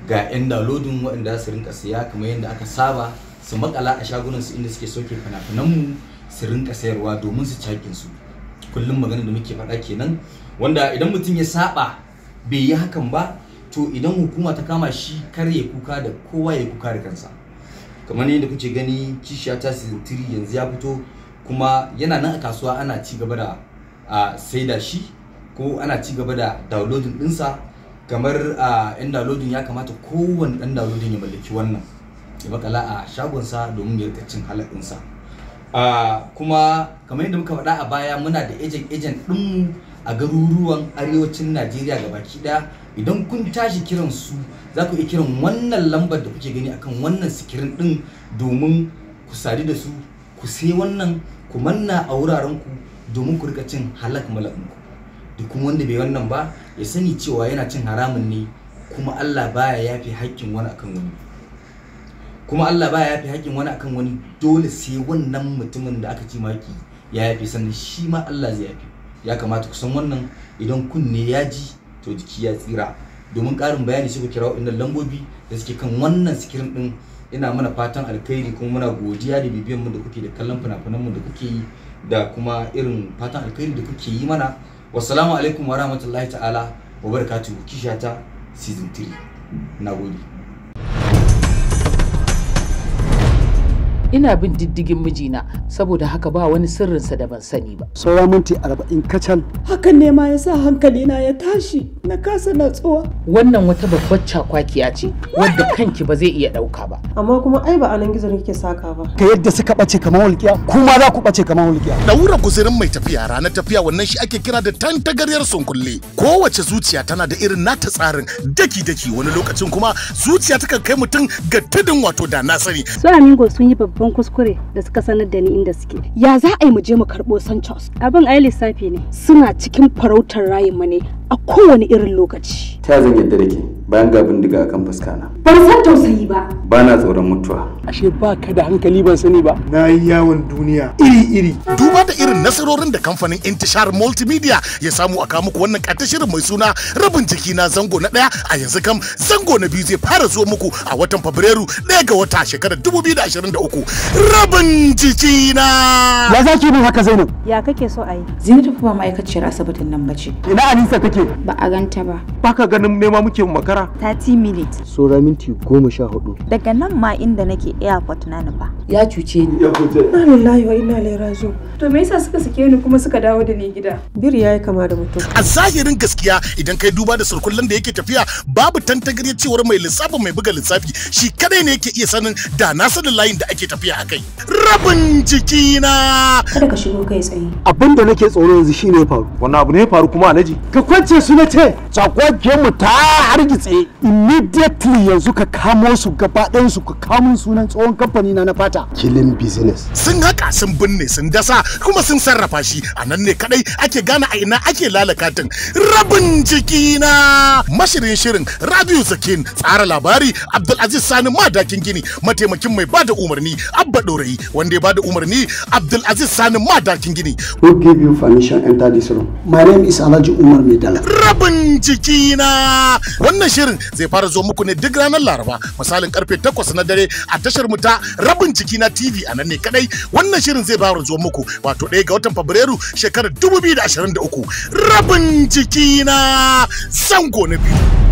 ga 'yan dalodin waɗanda su rinka siya kamar yadda aka saba su makala a shagunan su inda suke soke fina-finanmu su rinka sayarwa domin su cakin su kullum magana da muke faɗa kenan wanda idan mutum ya saba bai yi hakan ba to idan hukuma ta kama shi kar ya kuka da kowa ya kuka da kansa kamar yadda kuke gani kishiya ta tiri yanzu ya fito kuma yana nan a kasuwa ana ci gaba da saida shi ko ana ci gaba da downloading ɗinsa kamar a yan dalodin ya kamata kowane dan dalodin ya mallaki wannan ya bakala a shagonsa domin ya rika cin halakinsa kuma kamar yadda muka faɗa a baya muna da ejen ejen ɗin a garuruwan arewacin najeriya ga baki ɗaya idan kun tashi kiran su za ku iya kiran wannan lambar da kuke gani akan wannan sikirin ɗin domin ku sadi da su ku sai wannan ku manna a wuraren ku domin ku rika cin halak malakinku duk kuma wanda bai wannan ba ya sani cewa yana cin haramun ne kuma Allah baya yafi haƙƙin wani akan wani kuma Allah baya yafi haƙƙin wani akan wani dole sai wannan mutumin da aka ci maki ya yafi sannan shi ma Allah zai yafi ya kamata ku san wannan idan kunne ya ji to jiki ya tsira domin ƙarin bayani sai ku kira waɗannan lambobi da suke kan wannan sikirin ɗin ina mana fatan alkhairi kuma muna godiya da bibiyan mu da kuke da kallon fina-finan mu da kuke yi da kuma irin fatan alkhairi da kuke yi mana wassalamu alaikum wa ta'ala wa barakatuhu kishata season 3 na gode ina bin diddigin mijina saboda haka ba wani sirrinsa da ban sani ba saura minti arba'in kacal hakan ne ma yasa hankalina ya tashi na kasa natsuwa wannan wata babbar cakwakiya ce wadda kanki ba zai iya ɗauka ba amma kuma ai ba anan gizo kike saka ba ka yadda suka ɓace kamar walƙiya kuma za ku ɓace kamar walƙiya daura guzirin mai tafiya ranar tafiya wannan shi ake kira da tantagaryar sunkulle kowace zuciya tana da irin nata tsarin daki-daki wani lokacin kuma zuciya takan kai mutum ga tudun wato da na sani su amingo sun yi babba. tafan kuskure da suka sanar da ni inda suke. Ya za a yi mu je mu karɓo Sanchos? Abin ai lissafi ne. Suna cikin farautar rayin ne a kowane irin lokaci. Ta zan yadda da ke bayan ga bindiga a kan na. Ba san tausayi ba. Ba na tsoron mutuwa. Ashe ba ka da hankali ban sani ba. Na yi yawon duniya iri-iri. Duba da irin nasarorin da kamfanin Intishar Multimedia ya samu a kamuku wannan ƙata shirin mai suna rabin jiki na zango na ɗaya a yanzu kam zango na biyu zai fara zuwa muku a watan Fabrairu ɗaya ga wata shekarar 2023. Rabin jiki na. Ya za ki bin haka Zainab? Ya kake so a yi? Zainab ba ma'aikaciyar asibitin nan ba ce. Ina Anisa take take ba a ganta ba baka ganin nema muke makara 30 minutes sora minti goma sha hudu daga nan ma inda nake airport na ba. ya cuce ni ya cuce na lillahi wa inna ilaihi raji'un to me yasa suka sake ni kuma suka dawo da ni gida biri yayi kama da mutum a zahirin gaskiya idan kai duba da surkullan da yake tafiya babu tantagariyar cewar mai lissafi mai buga lissafi shi kadai ne yake iya sanin da na sanin layin da ake tafiya a kai rabin jikina kada ka shigo kai tsaye abin da nake tsoro yanzu shine faru wannan abu ne faru kuma alaji ka kwance ce su na ce tsakwakken mu ta hargitse immediately yanzu ka kamo su gaba ɗayan su ka kamo sunan tsohon kamfani na na fata killing business sun haka sun binne sun dasa kuma sun sarrafa shi a nan ne kadai ake gane a ina ake lalakatin rabin jiki na mashirin shirin radio zakin tsara labari abdulaziz sani madakin gini mataimakin mai bada umarni abba dorayi wanda ya bada umarni abdulaziz sani madakin gini who give you permission enter this room my name is alhaji umar medala rabin jikina wannan shirin zai fara zo muku ne duk ranar laraba misalin karfe 8 na dare a tashar mu ta rabin jikina tv a nan ne kadai wannan shirin zai fara zo muku wato ɗaya ga watan fabrairu shekarar 2023 rabin jikina zango na biyu